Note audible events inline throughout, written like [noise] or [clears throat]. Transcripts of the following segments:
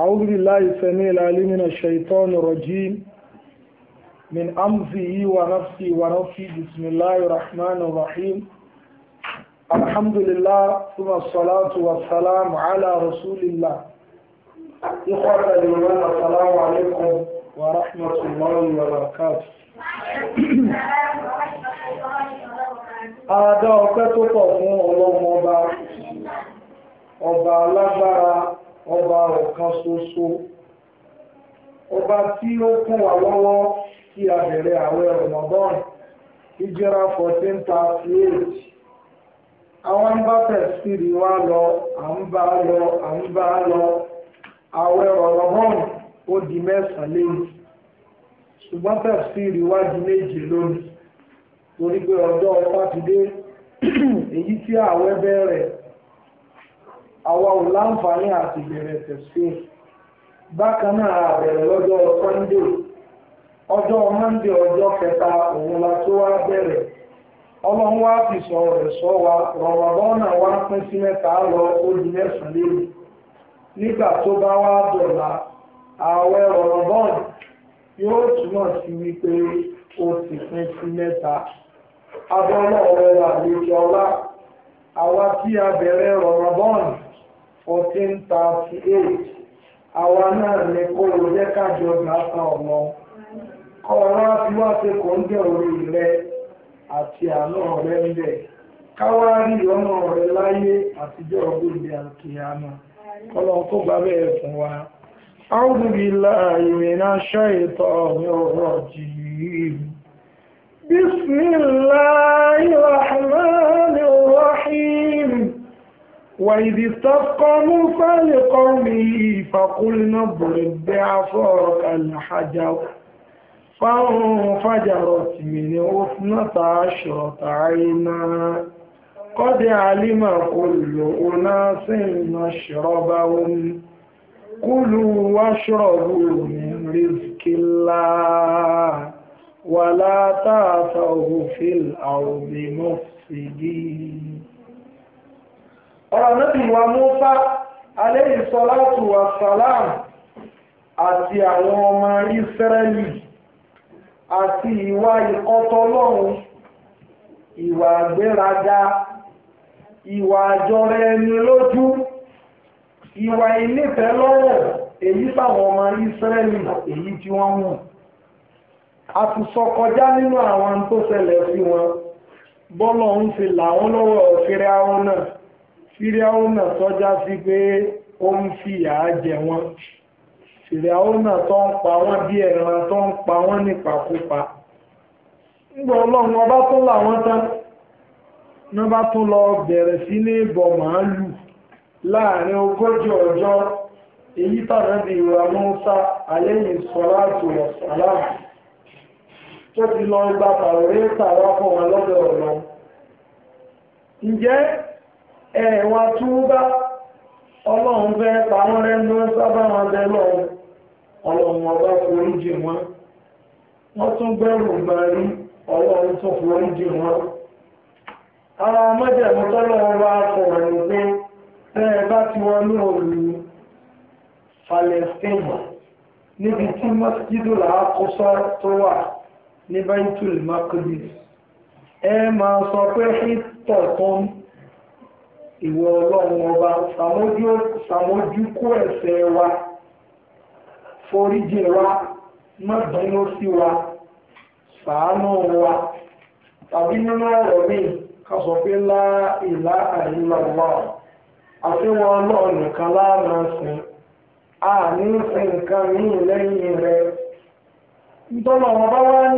أعوذ بالله السميع العليم من الشيطان الرجيم من أمزه ونفسي ونفسي بسم الله الرحمن الرحيم الحمد لله ثم الصلاة والسلام على رسول الله إخوة الإيمان السلام عليكم ورحمة الله وبركاته Adá ọpẹ́ tó pọ̀ fún ọlọ́mọba, ọba alágbára ọba ọ̀kan ṣoṣo ọba tí ó kún wa lọ́wọ́ kí a bẹ̀rẹ̀ àwẹ̀ Ramadan ìjẹ́ra fourteen thirty eight àwọn bá tẹ̀síìrì wa lọ à ń bá lọ à ń bá lọ àwẹ̀ Ramadan ó di mẹ́sàn-án lẹ́yìn ṣùgbọ́n tẹ̀síìrì wa di méje lónìí torí pé ọjọ́ sátidé [clears throat] èyí tí àwẹ̀ bẹ̀rẹ̀ àwa ò láǹfààní àti bẹ̀rẹ̀ tẹ̀síìn bákan náà àbẹ̀rẹ̀ lọ́jọ́ sunday ọjọ́ monday ọjọ́ kẹta òun la tó wá bẹ̀rẹ̀ ọlọ́run wá fi sọ̀rọ̀ rẹ̀ sọ wa rọ̀rọ̀bọ́nà wá pín sí mẹ́ta lọ ó mẹ́sàn-án lélẹ̀ nígbà tó bá wá dọ̀la ààwẹ̀ rọ̀rọ̀bọ́n yóò túmọ̀ sí wípé ó ti pín sí mẹ́ta abọ́lọ́ ọ̀rẹ́ àlejò ọlá àwa tí a fourteen thirty eight àwa náà ní kó o jẹ́ kájọ gbàtà ọmọ kọ́ ọ wá fi wá ṣe kò ń jẹ́ orí rẹ àti àánú rẹ ń bẹ̀ káwá rí ọmọ rẹ láyé àtijọ́ ọdún ìdí àkìyàmọ́ kọ́lọ́n kó gbà bẹ́ẹ̀ fún wa. أعوذ بالله من الشيطان الرجيم بسم الله الرحمن الرحيم وَإِذِ استسقى موسى لقومه فقلنا اضرب الْحَجَرَ الحجر فانفجرت منه اثنتا عشرة عينا قد علم كل أناس مشربهم كلوا واشربوا من اللَّهِ الله ولا تعثوا في الأرض مفسدين ọ̀rọ̀ níbi wa Mùsá alayhi salatu wa salam àti àwọn ọmọ Ísírẹ́lì àti ìwà ìkọtọlọ́run ìwà àgbéraga ìwà àjọrẹ ẹni lójú ìwà ìnítẹ́lọ́rọ̀ èyí táwọn ọmọ Ísírẹ́lì èyí tí wọ́n mú a ti sọ kọjá nínú àwọn tó ṣẹlẹ̀ sí wọn bọ́lọ̀ ń fi làwọn lọ́wọ́ òfin ara wọn náà fíríàwọ́nà tọ́já sí pé ó ń fìyà jẹ wọ́n fíríàwọ́nà tó ń pa wọ́n bí ẹran tó ń pa wọ́n nípakúpa ńgbọ́ ọlọ́run ọba tó làwọn tán ní bá tó lọ bẹ̀rẹ̀ sí ní bọ̀ màálù láàrin ogójì ọjọ́ èyí tàbí ìwà mọ́sá àlẹ́yìn sọ́lá jùlọ sọ́lá tó ti lọ gba tàwọ̀rẹ́ tàwọ́ fún wọn lọ́dọ̀ ọ̀lọ́ ǹjẹ́ ẹ̀wọ̀n túbá ọlọ́run fẹ́ pàwọn rẹ́nu sábà wọn bẹ lọ́wọ́ ọlọ́run ọba forí jì wọn wọ́n tún gbẹ́rù gbàrí ọlọ́run tún forí jì wọn. àwọn ọmọdéẹ̀mú tọ́lọ́run wá fọ̀rọ̀ ní pé bẹ́ẹ̀ bá ti wọn ní òòlù Palestine níbi tí mọ́sídìdò àkóso tó wà ní Baitul Maqdis ẹ máa sọ pé hìtọ̀ tó ń ìwọ ọlọ́run ọba ṣàmójúkó wa foríjì wa má sí wa ṣàánú wa tàbí nínú ọ̀rọ̀ míì ká pé lá ìlà àìlọ́wọ́ àtiwọ ọlọ́run nìkan a ní sìn nǹkan míì lẹ́yìn rẹ nítorí bá wọ́n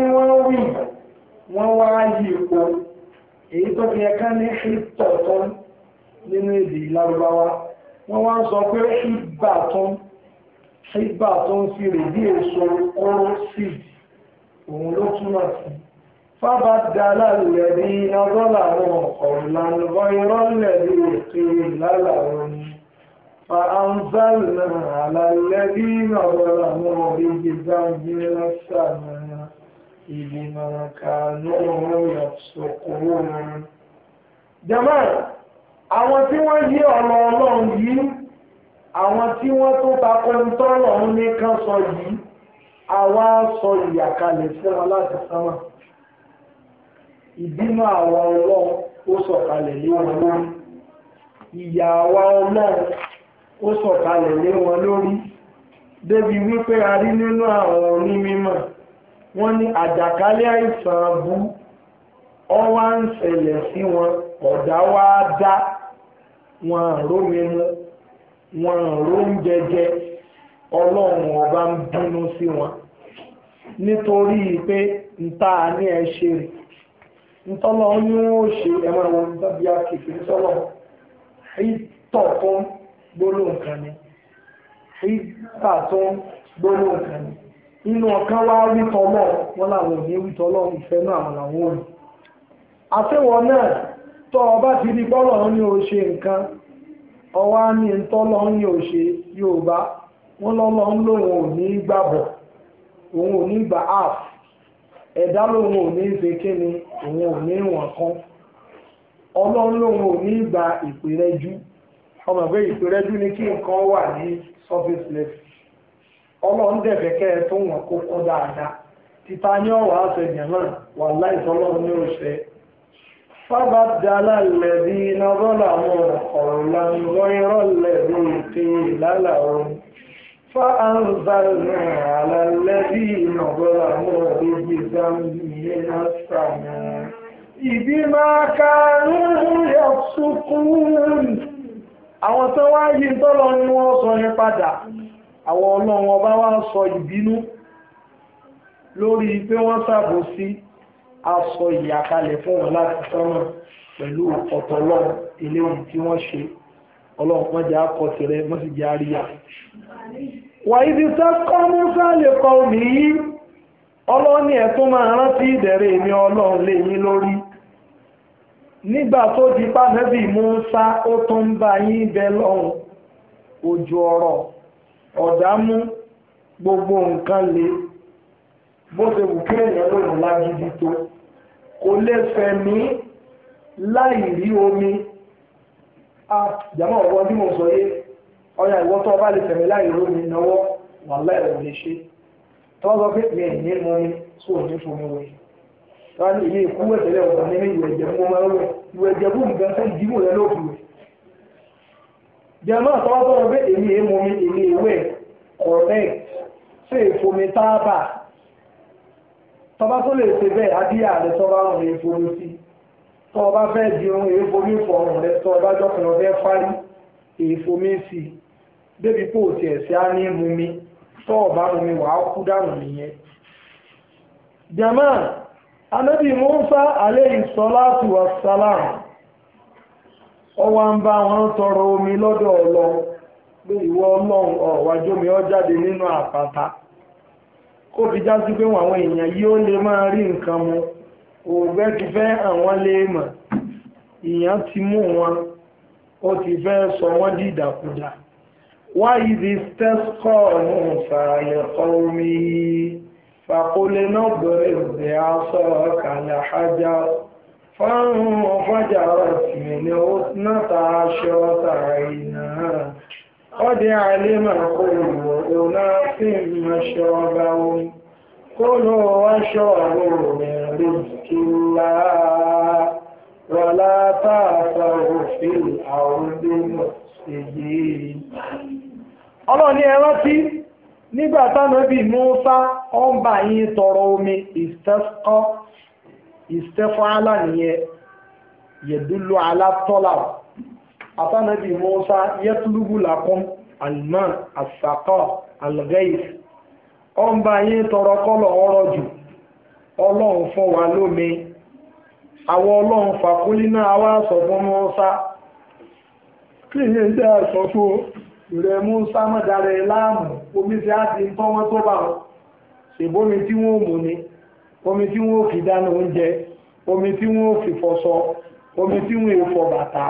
wí wọ́n wá yí ipò èyí tó fi ẹ̀ka ní nínú èdè ìlárúbáwá wọ́n wá ń sọ pé ṣígbà tó ń ṣígbà tó ń fi rè bí èso oró seed òun ló túmọ̀ sí fábà dáná lẹ́bí iná dọ́là wọn ọ̀rùnlànà irọ́ lẹ́bí ètò ìlàlà ni fa anzalna ala lẹ́bí iná dọ́là wọn òbí gbèsè àjẹ́ lọ́sàn-án ìgbìmọ̀ kanú yàtọ̀ kúrò. jama àwọn tí wọ́n yí ọ̀rọ̀ ọlọ́run yìí àwọn tí wọ́n tó takọ tọ́rọ̀ ọ̀hún ní kan sọ yìí àwa sọ ìyàkalẹ̀ sí wọn láti sánmà ìbínú àwa ọlọ́run ó sọ̀kalẹ̀ lé wọn lórí ìyà àwa ọlọ́run ó sọ̀kalẹ̀ lé wọn lórí débi wípé a rí nínú àwọn onímọ̀ wọ́n ní àjàkálẹ̀ àìsàn abú ọwá ń ṣẹlẹ̀ sí wọn ọ̀dá wá dá wọn àrómi mu wọn àróúnjẹ jẹ ọlọ́run ọba ń bínú sí wọn nítorí pé nta ní ẹ ṣe ntọ́lọ́ ní wọ́n ṣe ẹ̀wọ̀n àwọn bábí akéèké ntọ́lọ́ ìtọ̀ fún gbólóhùn kan ni tó ń gbóló nǹkan ni inú ọ̀kan wá wítọ́ wọn làwọn ò ní tọ́ ọba ti di bọ́lọ̀ ní o ṣe nǹkan ọwá ní tọ́lọ́ ní o ṣe Yorùbá wọ́n lọ́lọ́ ń lò ò ní òun ò ní gbà áàf ẹ̀dá ò ní ṣe kíni òun ò ní wọ̀n kan ọlọ́run gba ìpèrẹ́jú ọmọ ìpèrẹ́jú ni kí nǹkan wà ní surface level ọlọ́run tó wọ̀n kó kọ́ dáadáa títa ní ọ̀wọ́ àṣẹ فبدل الذين ظلموا قولا غير الذي قيل لهم فأنزلنا على الذين ظلموا رجزا من السماء بما كانوا يفسقون àwọn tó wá yí tọ́lọ ni wọ́n sọ yẹn padà àwọn ọlọ́run ọba wá sọ ìbínú lórí pé wọ́n ṣàbòsí a sọ ìyàkalẹ̀ fún wọn láti sánmà pẹ̀lú ọ̀tọ̀lọ́ eléyìí tí wọ́n ṣe ọlọ́run wọn jẹ́ akọ tirẹ̀ wọ́n sì jẹ́ àríyá. wàyí ti sá kọ́ musa lè kọ omi yìí ọlọ́ni ẹ̀tún máa rántí ìdẹ̀rẹ̀ èmi ọlọ́run lé yín lórí nígbà tó di pàmẹ́bì musa ó tún ń bá yín bẹ lọ́hùn ojú ọ̀rọ̀ ọ̀dàmú gbogbo nǹkan lè bó ṣe wù kí èèyàn lòun lágídí tó kò lè fẹ̀mí láì rí omi jàmọ́ ọ̀rọ̀ bí mo sọ yé ọ̀yà ìwọ tó bá lè fẹ̀mí láì rí omi náwó wà láì rò lè ṣe tọ́wọ́ sọ pé mi ní mo ní sóò ní fún mi wẹ̀ tọ́wọ́ ní ilé ìkú wẹ̀ tẹ́lẹ̀ ọ̀gá ní ìwẹ̀ ìjẹ̀ mo máa ń wẹ̀ ìwẹ̀ ìjẹ̀ bú nǹkan fẹ́ ìdíbò rẹ ló fi wẹ̀ jàmọ́ tọ́wọ́ sọ pé èmi èmo mi èmi ìwẹ̀ correct ṣé èfo mi táàbà tọba tó lè ṣe bẹ́ẹ̀ adíyà rẹ tọba ń rìn forí sí tọba fẹ́ di ohun èèfo mi fọ ọrùn rẹ tọba jọkùnrin ọ̀fẹ́ fárí èèfo mi sí i débi pò tí á ní mú mi mi wàá nìyẹn. tọrọ omi lọ́dọ̀ ọlọ́ ìwọ ọlọ́run ọ̀wájú mi jáde kó fi já sí pé àwọn èèyàn yóò lè máa rí nǹkan mu òògbẹ́ ti fẹ́ àwọn lè mọ̀ ìyàn ti mú wọn ó ti fẹ́ sọ wọ́n di ìdàkudà wáyé di stẹ́síkọ́ ọ̀hún ṣàyẹ̀ omi fàkólé náà bẹ̀rẹ̀ ìgbẹ́ aṣọ kàlẹ̀ ajá fáwọn fájà rẹ̀ tìmẹ̀ ní ó náà ta aṣọ tààrí náà. قد علم كل أناس مشربهم كلوا واشربوا من رزق الله ولا تعثروا في الأرض مفسدين ọlọ́run ní ẹran tí nígbà tánábì Mùsá ó ń bá yín tọrọ omi ìstẹ́fọ́ alá nìyẹn yẹ̀dúlú alátọ́là àtànàbì Mùsá yẹtùlùbù làkún alman asakọ algeis ọ̀nba yín tọrọ kọ́lọ̀ ọ̀rọ̀ jù ọlọ́run fún wa lómi àwọn ọlọ́run fàkúlí náà wá sọ fún Mùsá kí ni ẹ̀jẹ̀ àṣọ fún rẹ̀ Mùsá mọ̀dàrẹ̀ láàmú omi tí a ti ń tọ́ wọn tó bá wọn ṣèbómi tí wọ́n mú ni omi tí wọ́n fi dáná oúnjẹ omi tí wọ́n fi fọṣọ omi tí wọ́n fi fọ bàtà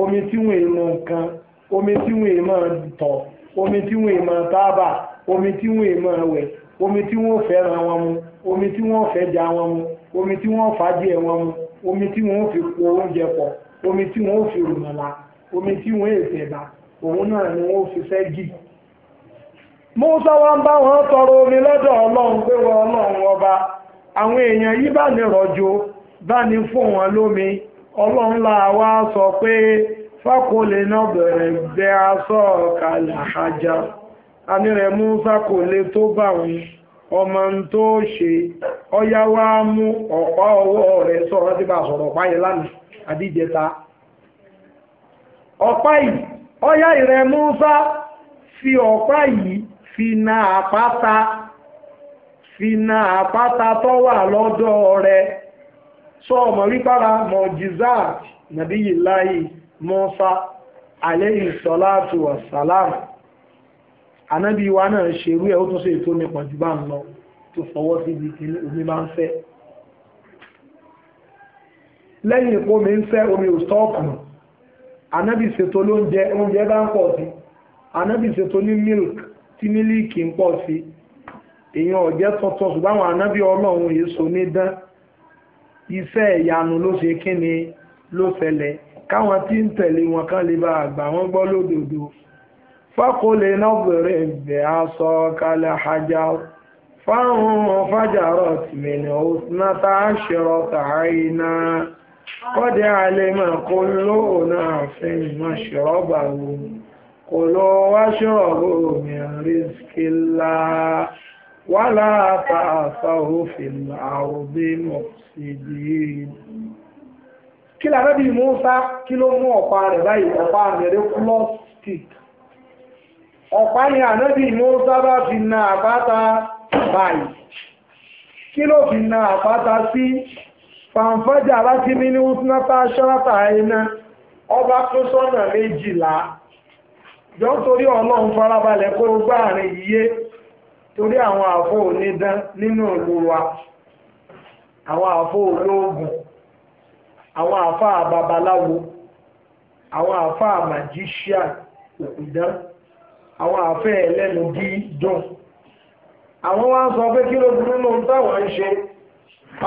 omi tí wọ́n èèmọ nǹkan omi tí wọ́n èèmọ tọ̀ omi tí wọ́n èèmọ tábà omi tí wọ́n èèmọ wẹ̀ omi tí wọ́n fẹ́ràn wọn mu omi tí wọ́n fẹ́jà wọn mu omi tí wọ́n fàájì wọn mu omi tí wọ́n fi po oúnjẹ pọ̀ omi tí wọ́n fi rùmọ̀lá omi tí wọ́n èsè bá òun náà ni wọ́n fi fẹ́ jì. Mùsá wa ń bá wọn tọrọ omi lọ́dọ̀ ọlọ́run pé wọn ọlọ́run ọba àwọn èèyàn yìí bá ní rọ̀jò bá ní fún wọn lómi ọlọ́run wa sọ pé fákòlè náà bẹ̀rẹ̀ bẹ aṣọ ọ̀kàlà àjà anírẹ̀ fákòlè tó bá wọn ọmọ tó ṣe ọyá wa mú ọ̀pá ọwọ́ rẹ̀ sọ̀rọ̀ tí bá sọ̀rọ̀ ọ̀pá yẹn lánàá àdíjẹta ọ̀pá yìí ọyá fi ọ̀pá yìí fi na àpáta fi na àpáta sọ ọmọ rípára mọ̀jísáàt nàbíyí láyé mọ́sá àlẹ́yìn sọ́láàtù wàsálàm ànábì wa náà ṣerú ẹ̀ ó tún ṣe ètò nípa jù bá ń lọ tó fọwọ́ sí ibi tí omi máa ń fẹ́ lẹ́yìn ìpò mi ń fẹ́ omi ò stọ́ọ̀kù ànábì ṣètò lóúnjẹ oúnjẹ bá ń pọ̀ sí ànábì ṣètò ní milk tí mílíìkì ń pọ̀ sí èèyàn ọ̀jẹ́ tuntun ṣùgbọ́n àwọn ànábì ọlọ́run èso ní dán iṣẹ́ ìyanu ló ṣe kíni ló ṣẹlẹ̀ káwọn tí ń tẹ̀lé wọn kan lè bá àgbà wọn gbọ́ lódodo fákòlè náà bẹ̀rẹ̀ bẹ̀ aṣọ kalẹ̀ ajá fáwọn fájàrọ̀ tìmẹ̀lẹ̀ òsínátà ṣẹ̀rọ̀ tààrí náà kọ́dẹ̀ alẹ́ máa kó náà fẹ́ ìmọ̀ ṣẹ̀rọ̀ kò lọ wàlá àtàṣàwò fìlà àrùbí mọ̀sídìí. kí lára bí Mùsá kí ló mú ọ̀pá rẹ̀ báyìí ọ̀pá rẹ̀ plus stick ọ̀pá yẹn ànábì Mùsá bá fi na àpáta báyìí kí ló fi na àpáta sí fàǹfàjà láti nínú úsùnáta ṣọ́ràtà iná ọba tó sọ́nà méjìlá jọ́ torí ọlọ́run farabalẹ̀ kó gbáàrin yìí torí àwọn àfọ́ onídán nínú ìlú wa àwọn àfọ́ olóògùn àwọn àfáà babaláwo àwọn àfáà màjíṣíà òpìdán àwọn àfẹ́ ẹlẹ́nu bí dùn àwọn wá ń sọ pé kí ló burú lóun táwọn ń ṣe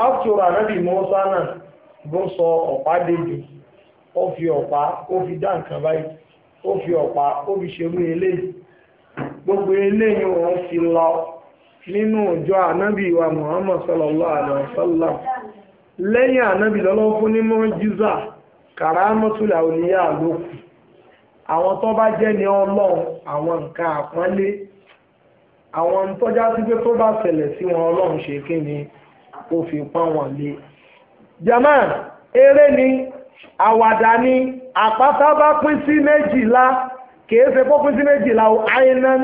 áfíò ànábì mọ́sá náà bó sọ ọ̀pá fi ọ̀pá ó fi dá nǹkan fi ọ̀pá ó fi ṣerú eléyìí gbogbo eléyìí wọ́n ti lọ nínú ìjọ ànábì wa Muhammad sallallahu alaihi wasallam lẹ́yìn ànábì lọ́lọ́wọ́ fún ní mọ́jíza kàrámọ́tòlì àwòlíyà lókù àwọn tó bá jẹ́ ní ọlọ́run àwọn nǹkan àpọ́nlé àwọn tọ́já sí pé tó bá ṣẹlẹ̀ sí wọn ọlọ́run ṣe kí ni ó fi pọ́n wọn lé jama eré ni àwàdà ni àpáta bá pín sí méjìlá kìí ṣe fọ́pín sí méjìlá àìnan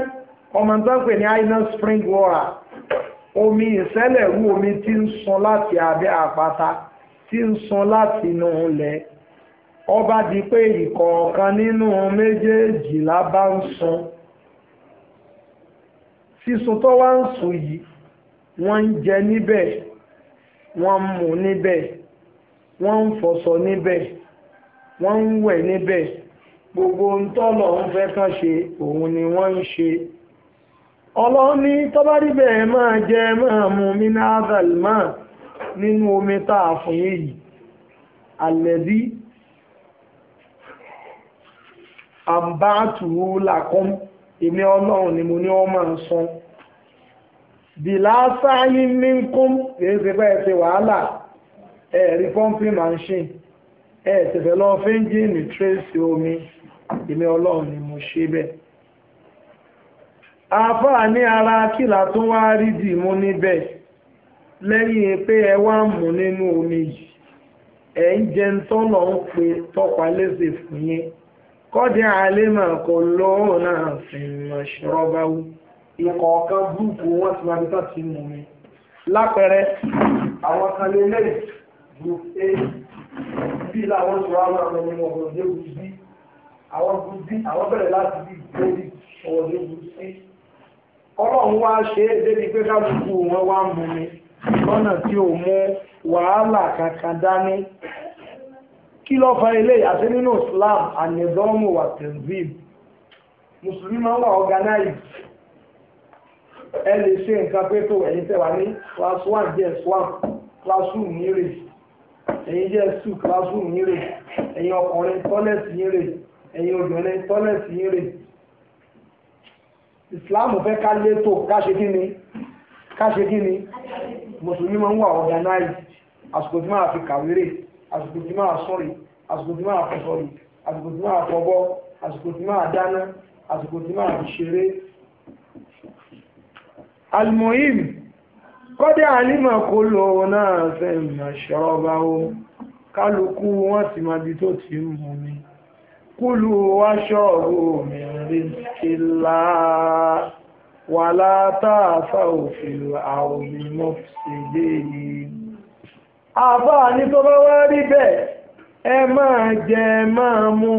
ọmọ tó ń pè spring water omi ìṣẹ̀lẹ̀ rú omi tí ń sun láti abẹ́ àpáta tí ń sun láti inú ilẹ̀ ọba di pé ìkọ̀ọ̀kan nínú méjèèjìlá bá ń sun sísun tó wá ń sùn yìí wọ́n ń jẹ níbẹ̀ wọ́n ń mu níbẹ̀ wọ́n ń fọṣọ níbẹ̀ wọ́n ń wẹ̀ níbẹ̀ gbogbo ń tọ́lọ̀ ń fẹ́ kán ṣe òun ni wọ́n ń ṣe ọlọ́run ní tọ́bá máa jẹ máa mu mineral máa nínú omi tá a fún yín yìí àlẹ́bí àbátùú làkún èmi ọlọ́run ni mo ní wọ́n máa ń san bí lásáyí ní kún èyí ti fẹ́ ṣe wàhálà ẹ̀ẹ̀rí pọ́ńpì machine ẹ̀ẹ́sẹ̀fẹ̀ lọ fẹ́ńjìnì tírèsì omi èmi ọlọ́run ni mo ṣe bẹ́ẹ̀ àáfàá ní ara kìlà tó wá rí dì mú níbẹ̀ lẹ́yìn pé ẹ wá mú nínú omi yìí ẹ̀ ń jẹ tọ́nà ń pe tọ́pa léṣe fún yín kọ́dé àlèmọ̀ kò lọ́wọ́ náà fi mọ̀ ṣọ́rọ́báwú ìkọ̀ọ̀kan gúrùpù wọn ti máa bíta sí mú mi lápẹẹrẹ àwọn kan lè lẹ́yìn group a bí làwọn tó wá máa lọ nínú ọ̀gbọ̀n dé àwọn gúdí àwọn bẹ̀rẹ̀ láti bí lórí ọ̀dọ́ gúdí ọlọ́run wá ṣe é débi pé kálukú wọn wá ń mu ni lọ́nà tí ò mú wàhálà kankan dání kí ló fa eléyìí àti nínú Islam anidọ́mù wà tẹ̀síìm mùsùlùmí máa ń wà organize ẹ lè ṣe nǹkan pé tó ẹ̀yin tẹ̀ wá ní class one jẹ́ One, class two ní rè ẹ̀yin jẹ́ two class two ní rè ẹ̀yin ọkùnrin tọ́lẹ̀tì ní ẹ̀yin obìnrin tọ́lẹ̀tì yín rè ìsìláàmù fẹ́ ká létò ká ṣe kí ni ká ṣe kí ni mùsùlùmí máa ń wà organize àsìkò tí máa fi kàwérè àsìkò tí máa sọ̀rì àsìkò tí máa fọ̀sọ̀rì àsìkò tí máa fọ̀bọ́ àsìkò tí máa dáná àsìkò tí máa fi ṣeré. almohim kọ́dé àlímọ̀ kó lọ náà fẹ́ ìmọ̀ ṣọ́ọ́bà ó kálukú wọ́n sì máa di tó ti ń mú mi kúlù wáṣọ́rù mìírí ìlà wà látàfà òfin àwọn ìmọ̀ ṣèlè yìí àfáà ní tó bá wá rí bẹ́ẹ̀ ẹ máa jẹ máa mu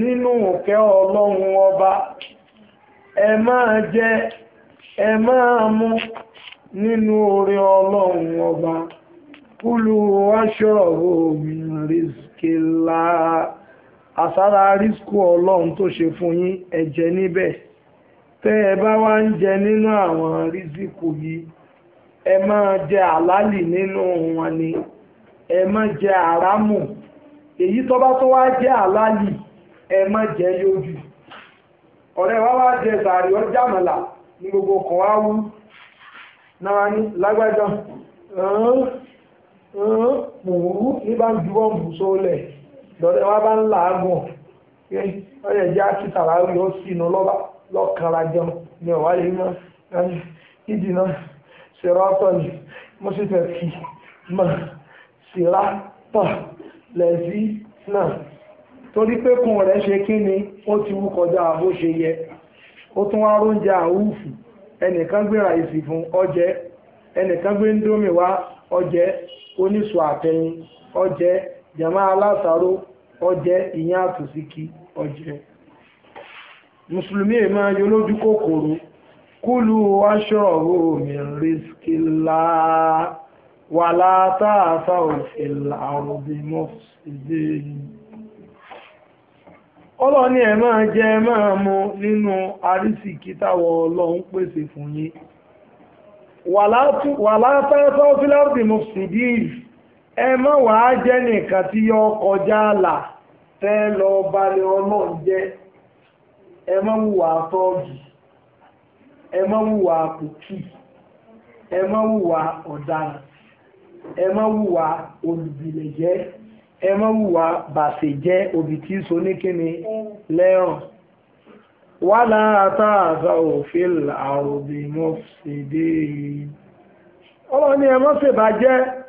nínú òkè ọlọ́run ọba ẹ máa jẹ ẹ máa mu nínú oore ọlọ́run ọba kúlù wáṣọ́rù mìírí ìlà. àsára rísíkù ọlọ́run tó ṣe fún yín ẹ níbẹ̀ tẹ́ ẹ bá wá ń jẹ nínú àwọn rísíkù yìí ẹ máa jẹ àlálì nínú wọn ni ẹ má jẹ àrámù èyí tó bá tó wá jẹ àlálì ẹ má jẹ yójú ọ̀rẹ́ wa wá jẹ sàárì ọjà mọ̀lá ní gbogbo kan wá wú náà ní lágbájá lọ́dẹ̀ wá bá ń làágùn pé ọ̀yẹ̀ jẹ́ àkítà láwùjọ ó sì inú lọ́kànra jẹun ni ọ̀wá lè mọ́ ìdì náà ni mo sì fẹ́ mọ̀ lẹ́sí náà ṣe kí ni ti wú kọjá ṣe yẹ ó tún wá róúnjẹ àwùfù ẹnìkan gbéra fún ọjẹ́ ẹnìkan gbé ń oníṣù jàmá alásàrò oje ìyẹn àtòsíkí oje. mùsùlùmí ẹ̀ máa yọ lójú kòkòrò kúlù wáṣọ̀rọ̀ mi rìskìlá wà látàáfà òfìlà ọ̀rọ̀bí mọ́sídé ọlọ́ni ẹ̀ máa jẹ máa mu nínú àrísìkí táwọn ọlọ́run pèsè fún yín wà látàáfà òfìlà ọ̀rọ̀bí mọ́sídé ẹ má wàá jẹ́ nìkan tí yọ kọjá àlà fẹ́ lọ balẹ̀ ọlọ́run jẹ́ ẹ má wùwà tọ́ọ̀gì ẹ má wùwà kùkì ẹ má wùwà ọ̀daràn ẹ má wùwà olùbìlẹ̀jẹ́ ẹ má wùwà bàṣẹ̀jẹ́ òbí tí so ní kíni lẹ́rùn wàlá àtàzà òfin àròbìmọ̀ṣẹ̀dẹ́ ọlọ́run ni ẹ má ṣèbàjẹ́.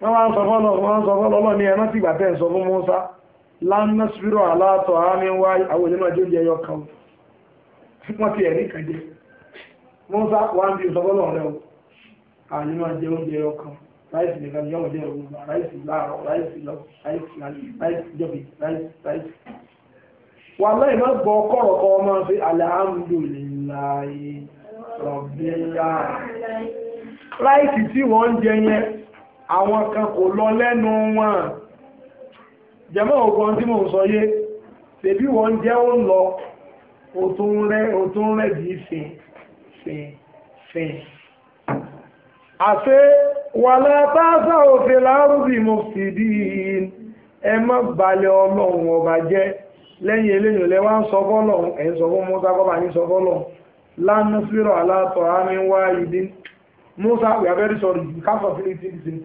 wọ́n wá ń sọ fọ́lọ̀ wọ́n sọ fọ́lọ̀ lọ́lọ́ ní ẹ̀nà tí ìgbàtẹ́ sọ fún Mùsá lánàṣírò aláàtọ̀ àmì wá àwọn ènìyàn jẹ́ jẹ́ yọkan wọ́n ti ẹ̀rí kan jẹ́ Mùsá wá ń bí sọ fọ́lọ̀ rẹ̀ o àyìnbá jẹ́ oúnjẹ yọkan ráìsì nìkan ni yọ̀wọ̀ jẹ́ òun ráìsì láàárọ̀ ráìsì lọ ráìsì lálẹ́ ráìsì jọ̀bì ráìsì ráìsì. wà lẹ́yìn náà gbọ́ kọ̀rọ̀ kọ́ ọmọ sí alhamdulillahi rabbil alamin ráìsì tí wọ́n ń jẹ yẹn àwọn kan kò lọ lẹ́nu wọn jẹmọ́ ògbọ́n tí mò ń sọ yé tèbí wọ́n jẹ́ ó ń lọ ó tún rẹ̀ bí fìn fìn fìn àṣẹ wà látàṣà òfin láàrúbì mo sì dí ẹ mọ́ balẹ̀ ọlọ́run ọba jẹ́ lẹ́yìn eléyìn lẹ́wà ń sọ fọ́lọ́run ẹ̀ ń sọ fún mọ́tàkọ́bà ní sọ fọ́lọ́run lánàá sírọ̀ alátọ̀ àmì wáyé dín Musa, we are very sorry. We can't continue this thing.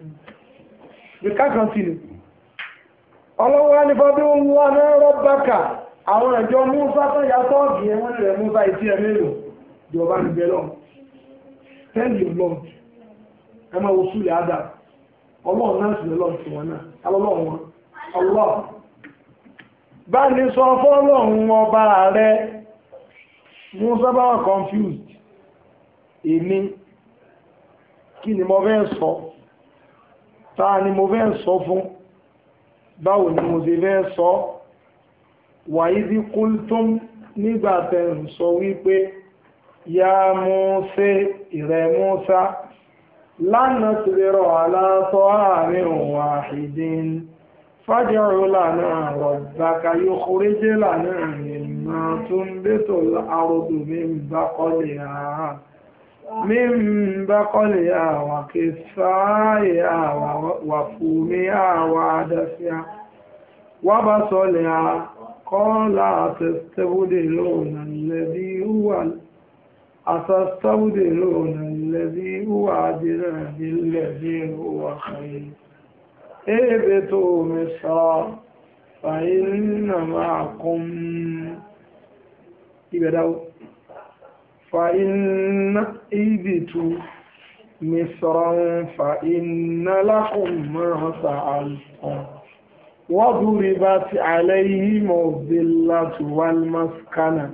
We can't continue. Ọlọ́wọ́ ni fọ́bí ń wọ́n ní rọ́bàkà àwọn ìjọ Musa tó yà tọ́ọ̀gì ẹ̀wọ̀n rẹ̀ Musa ìtí ẹ̀ mélòó ìjọba ní bẹ̀rẹ̀ Thank you Lord. Ẹ máa wo Súlẹ̀ Ádà. Ọlọ́run náà sì lọ́ọ̀ sí wọn náà. Alọ́lọ́run wọn. Ọlọ́. Bá ní sọ fọ́lọ́run ọba rẹ̀. Musa bá wà confused. Èmi. E kí ni mo fẹ́ sọ ta ni mo fẹ́ sọ fún báwo ni mo ṣe fẹ́ sọ wàyídí kúltún nígbà tẹ̀ ń sọ wípé ya Mùsá ìrẹ̀ Mùsá lánàá ti lè rọ̀ aláàtọ̀ àárín òun àhìdín fájọ́rò lánàá rọ̀gbàkà yóò kórè lánàá ìrìnà tó ń bẹ́tò arọ́dùnmí bá kọ́lé àárá. من بقلها وقفائها وفومها وعدسها وبصلها قال تستبدلون الذي هو أتستبدلون الذي هو أدنى بالذي هو خير اهبطوا مصر فإن معكم يبدأ فإن إذتم مصرا فإن لكم ما سألتم وضربت عليهم الذلة والمسكنة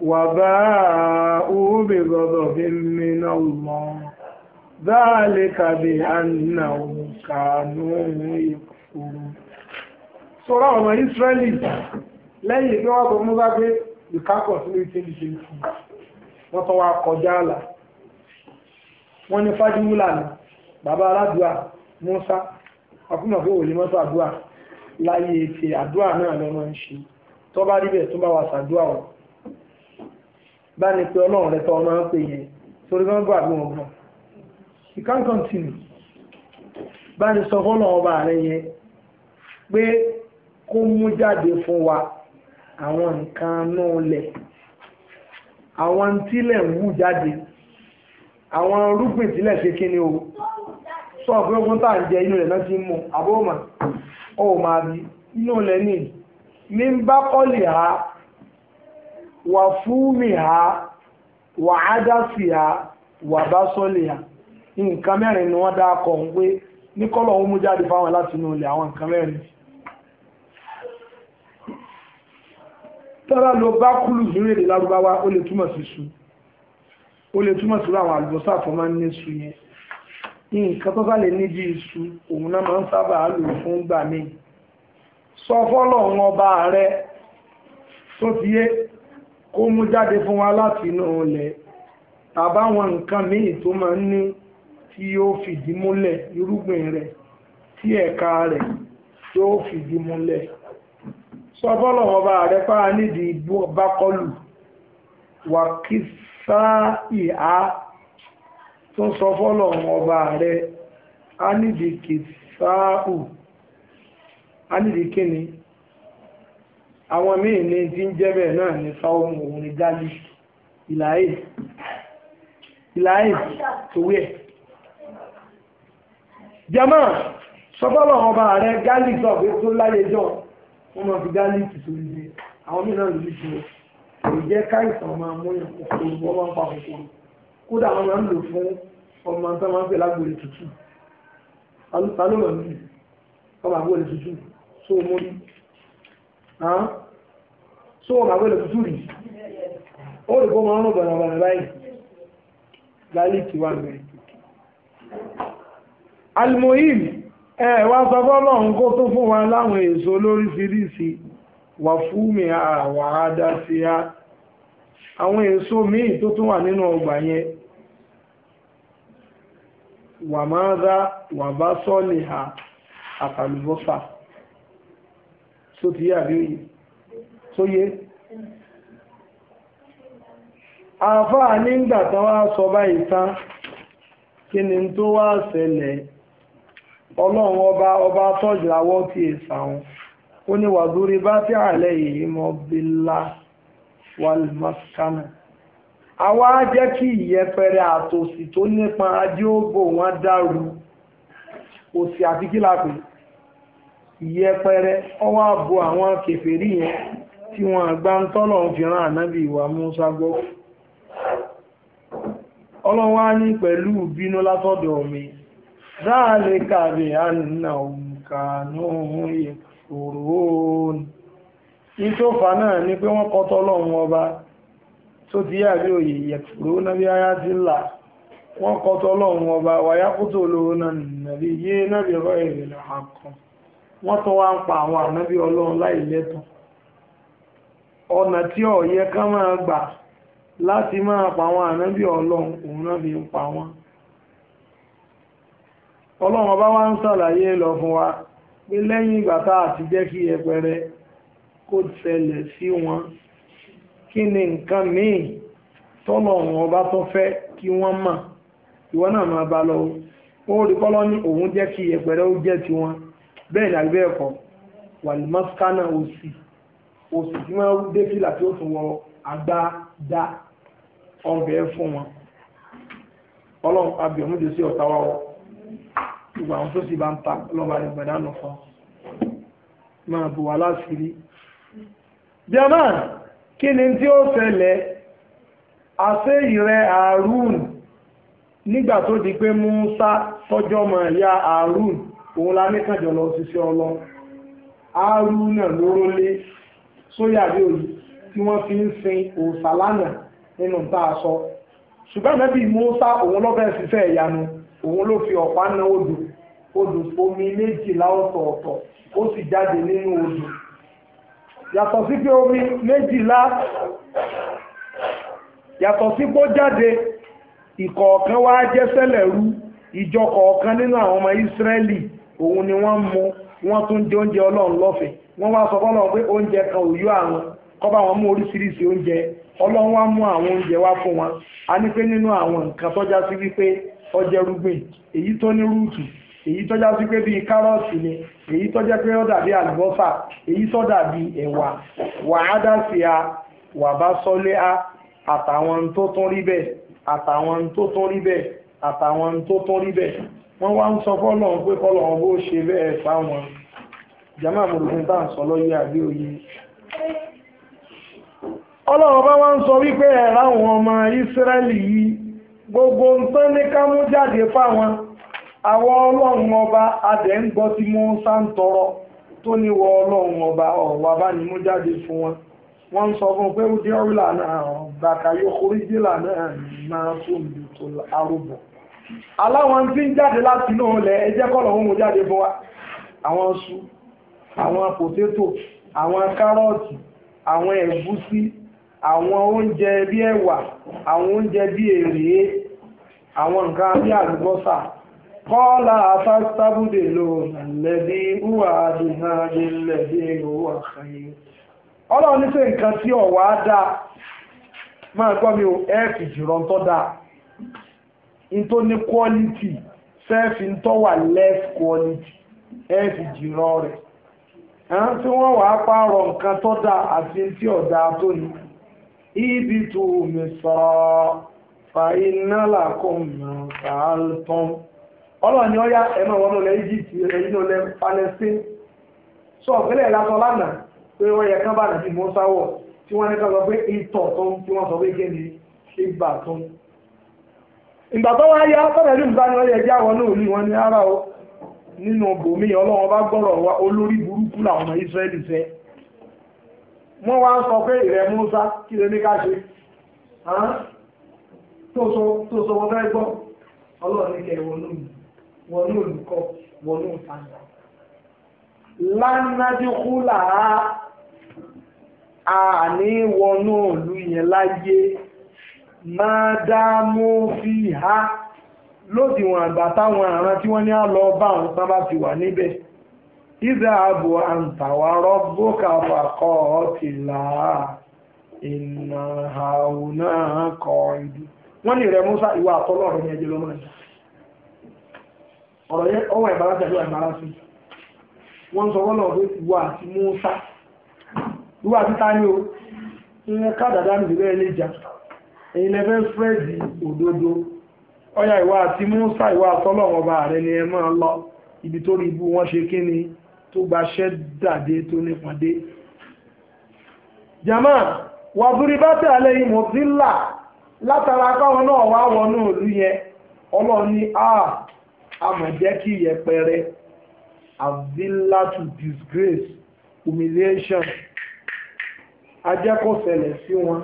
وباءوا بغضب من الله ذلك بأنهم كانوا يكفرون sọ̀rọ̀ àwọn ọmọ Ísírẹ́lì lẹ́yìn pé wọ́n tó mú bá pé ìkákọ̀ sílé tí ń ṣe fún un wọ́n tọ́ wá kọjá àlà wọ́n ní fájúwúlà ní bàbá aládùá Musa akúmọ̀ pé òlè mọ́tò àdúà láyé ètè àdúà náà lọ́nà ń ṣe tó bá ríbẹ̀ tó bá wà sàdúà wọn bá ní pé ọlọ́run rẹ̀ tọ́ ọmọ ń pè yẹn torí wọ́n gbà bí wọ́n gbọ́n you can continue bá ní sọ fọ́nà ọba rẹ̀ yẹn pé kó mú jáde fún wa àwọn nǹkan náà lẹ̀ àwọn tílẹ̀ ń wù jáde àwọn rúgbìn tílẹ̀ ṣe kí ni o sọ pé ogun tá à ń jẹ inú rẹ̀ náà ti mú àbóhùnmá ó máa bí inú rẹ̀ ní ní ń bá kọ́lì ha wà fúnmi ha wà ádásì ha wà bá sọ́lì ha nǹkan mẹ́rin ni wọ́n dá kọ̀ ń pé ní kọ́lọ̀ ń mú jáde fáwọn láti inú ilẹ̀ àwọn nǹkan mẹ́rin yìí tọ́lá lọ bá kúlù lórí èdè lárúbáwá ó lè túmọ̀ sí su ó lè túmọ̀ sí àwọn àlùbọ́sà tó máa ń ní su yẹn nǹkan tó bá lè ní bí iṣu òun náà máa ń sábà lò fún gbà mí sọ fọ́lọ́run ọba rẹ tó ti yé kó mú jáde fún wa láti inú ilẹ̀ tàbáwọn nǹkan míì tó máa ń ní tí yóò fìdí múlẹ̀ irúgbìn rẹ̀ tí ẹ̀ka rẹ̀ yóò fìdí múlẹ̀ sọ bọ́lọ̀ ọba rẹ̀ fáà nídìí bá kọlù wà kí sáà ìhá tó sọ fọ́lọ̀ ọba rẹ̀ á nídìí kì sáàù á nídìí kíni àwọn míì ní tí ń jẹ́ bẹ́ẹ̀ náà ní sáwọn òun ní dálí ìlàyé ìlàyé tòwé ẹ̀ jẹ́mọ́ sọ bọ́lọ̀ ọba rẹ̀ gálí sọ̀gbẹ́ tó láyé jọ wọ́n máa fi gálíìkì sórí ilé àwọn mìíràn ló ní ṣe kò jẹ́ káìsàn máa múyàn kòkòrò wọ́n máa ń pa kòkòrò kódà wọ́n máa ń lò fún ọmọ tó máa ń pè lágbòrè tútù ta ló mọ̀ níbi ọmọ àgbòrè tútù tó mú ní tó ọmọ àgbòrè tútù rí ó rí kó máa ń rún bọ̀nàbọ̀nà báyìí gálíìkì wà lórí almohim ẹ wá sọ bọ́lọ̀ ń tó fún wa láwọn èso lórí lóríṣiríṣi wà fún mi àwà àdá sí a àwọn èso míì tó tún wà nínú ọgbà yẹn wà máa dá wà bá sọ́ọ̀lì ha àtàlùbọ́sà tó ti yà bí òye tó yé àfáà nígbà tán wá sọ báyìí tán kí ni tó wá ṣẹlẹ̀ ọlọ́run ọba ọba tọ́jú àwọ̀ tí è sàwọn ó ní wàdúrí bá tí àlẹ́ yìí mọ́ bílá wàlmọ́sánà àwa á jẹ́ kí ìyẹpẹrẹ àtòsí tó nípa ajé ògbò wọn dàrú òsì àti kílàpì ìyẹpẹrẹ ọwọ́ àbò àwọn kèfèrí yẹn tí wọ́n àgbà ń tọ́lọ̀ ń fi ran ànábì ìwà Mùsá gbọ́ ọlọ́wọ́ á ní pẹ̀lú ìbínú látọ̀dọ̀ mi ذلك بأنهم كانوا يكفرون ìtòfà náà ni pé wọ́n kọ́ tọ́lọ́run ọba tó ti yá bí òye yẹ̀kùrúnà bí ayá ti là wọ́n kọ́ tọ́lọ́run ọba tó kútó lóòrùn nàbí yé náàbí ọ̀rọ̀ ìrìnlẹ̀ wọ́n tó wá ń pa àwọn ànábí ọlọ́run tí ká máa gbà láti máa pa àwọn ànábí ọlọ́run òun náà fi ń ọlọ́run ọba wá ń ṣàlàyé lọ fún wa pé lẹ́yìn ìgbà tá a ti jẹ́ kí ẹpẹrẹ kó ṣẹlẹ̀ sí wọn kí ni nǹkan míì tọ́lọ́run ọba tó fẹ́ kí wọ́n mọ̀ ìwọ náà máa bá lọ ó rí kọ́lọ́ ní òun jẹ́ kí ẹpẹrẹ ó jẹ́ tiwọn bẹ́ẹ̀ ni àbí bẹ́ẹ̀ kọ́ òsì òsì tí wọ́n dé fìlà tí ó tún wọ agbádá ọbẹ̀ fún wọn ọlọ́run abiyamúdé sí ọ̀tá wa wọ́n ìwà àwọn tó sì bá ń pa lọ́ba rẹ̀ gbẹ̀dánù fún máa bù wá láṣìírí. jama kí ni tí ó ṣẹlẹ̀ àṣẹ ìrẹ́ Harun nígbà tó di pé Musa tọ́jọ́ mọ̀ ìyá Harun òun la níkànjọ lọ ṣiṣẹ́ ọlọ́run Harun náà lóró lé sóyà bí òyì tí wọ́n fi ń sin òòṣà lánàá nínú tá a sọ ṣùgbọ́n mẹ́bí Musa òun lọ́bẹ̀ ṣiṣẹ́ ìyanu. òun ló fi ọ̀pá náà odò odò omi méjìlá ọ̀tọ̀ọ̀tọ̀ ó sì jáde nínú odò yàtọ̀ sí pé omi méjìlá yàtọ̀ sí pé ó jáde ìkọ̀ọ̀kan wá jẹ́ sẹ́lẹ̀rú ìjọ nínú àwọn ọmọ òun ni wọ́n mú wọ́n tún jẹ oúnjẹ Ọlọ́run lọ́fẹ̀ẹ́ wọ́n sọ pé oúnjẹ kan wọn mú oríṣiríṣi oúnjẹ Ọlọ́run wá mú àwọn oúnjẹ wá fún wọn ọjẹ́ rúgbìn èyí tó ní rúùtù èyí tó já sí pé bíi kárọ̀tì ni èyí tó jẹ́ pé ó dàbí àlùbọ́sà èyí tó dàbí ẹ̀wà wàhádà sí a wàbá sọ́lé a àtàwọn tó tún rí bẹ́ẹ̀ àtàwọn tó tún rí bẹ́ẹ̀ àtàwọn tó tún rí bẹ́ẹ̀ wọ́n wá ń sọ fọ́lọ̀ pé kọ́lọ̀ wọn bó ṣe bẹ́ẹ̀ fáwọn jama mùrùkún tá à ń sọ lọ́yẹ àbí òye ọlọ́run bá wá ń sọ wípé ẹ̀ráwọn ọmọ Ísírẹ́lì yìí gbogbo nǹkan ní ká mú jáde fáwọn àwọn ọlọ́run ọba adẹ̀ ń gbọ́ tí mo ń sá ń tọrọ tó ní wọ ọlọ́run ọba ọ̀wà bá ní mú jáde fún wọn wọ́n ń sọ fún pé ó dé ọ́rìlà náà bàkà yóò kórí jìlà náà máa tó mi tó arúgbó aláwọn tí ń jáde láti inú ọlẹ̀ ẹjẹ́ kọ́lọ̀ ohun jáde fún wa àwọn ṣu àwọn potato àwọn kárọ̀tì àwọn ẹ̀gúsí àwọn oúnjẹ bí ẹ̀wà àwọn oúnjẹ bí èrè àwọn nǹkan bí àlùbọ́sà kọ́lá afásitàbùdè lò lẹ́bí wúwà àdìhàn lẹ́bí wúwà kàyé ọlọ́run ní ṣe nǹkan tí ọ̀wà dáa máa gbọ́ mi ò ẹ́ẹ̀kì jùlọ tó dáa in tó ní quality sẹ́ẹ̀fì ń tọ́ wà less quality ẹ́ẹ̀fì jùlọ rẹ̀ tí wọ́n wàá pààrọ̀ nǹkan tó dáa àti tí ọ̀dà tó ní ibitu misra fa inna lakum ma sa'altum ọlọ́ni ọya ẹ̀mọ́ wọn lọ egypt ẹ̀yìn lọ palestine sọ ọ̀gbẹ́lẹ̀ látọ̀ lánàá pé wọ́n yẹ kán bá nàbí musa wọ̀ tí wọ́n ní ká sọ pé ìtọ̀ tó ń tí wọ́n sọ pé kéde ṣe gbà tó ìgbà tó wáyé afẹ́rẹ́lú nígbà ni wọ́n yẹ jẹ́ àwọn náà ní wọn ní ara o nínú bòmíì ọlọ́wọ́n bá gbọ́rọ̀ wa olórí burúkú làwọn ọmọ israẹli fẹ́ wọ́n wá ń sọ pé ìrẹ̀ Musa kí lè ní ká ṣe tó sọ wọ́n fẹ́ gbọ́ ọlọ́run ní kẹ wọnú olùkọ́ wọnú ìfàyà lánàdínkúlà àní wọnú ìlú yẹn láyé máa dámú fi ha lódiwọ̀n àgbà táwọn àrán tí wọ́n ní á lọ bá àwọn sábà ti wà níbẹ̀. إذا àǹtàwárọ́ bókà fàkọ́ ọ̀tìlá ìnà àwùnà kọ ìdú wọ́n ní rẹ̀ Musa ìwà àtọ́lọ́ ọ̀rọ̀ ní ẹjẹ́ ló máa ń jà ọ̀rọ̀ yẹn ọwọ́ ìbárasẹ̀ ló ìbárasẹ̀ wọ́n sọ wọ́n náà pé ìwà àti Musa ìwà àti tani o ìyẹn kádàdá nìbí bẹ́ẹ̀ lè jà ẹ̀yin lẹ́fẹ́ fúrẹ́dì òdodo ọ̀yà ìwà àti Musa ìwà àtọ́lọ́ ọba rẹ̀ ni ẹ máa lọ ibi tó rí ibú wọn ṣe kí ni tó gbaṣẹ́ dàdé tó nípàdé jama wàbúrí bá tẹ̀ alẹ́ yìí mọ̀sílà látara káwọn náà wá wọnú ìlú yẹn ọlọ́run ní a amọ̀jẹ́ kí yẹpẹrẹ avila to disgrace humiliation ajẹ́kọ̀ọ́sẹ̀lẹ̀ sí wọn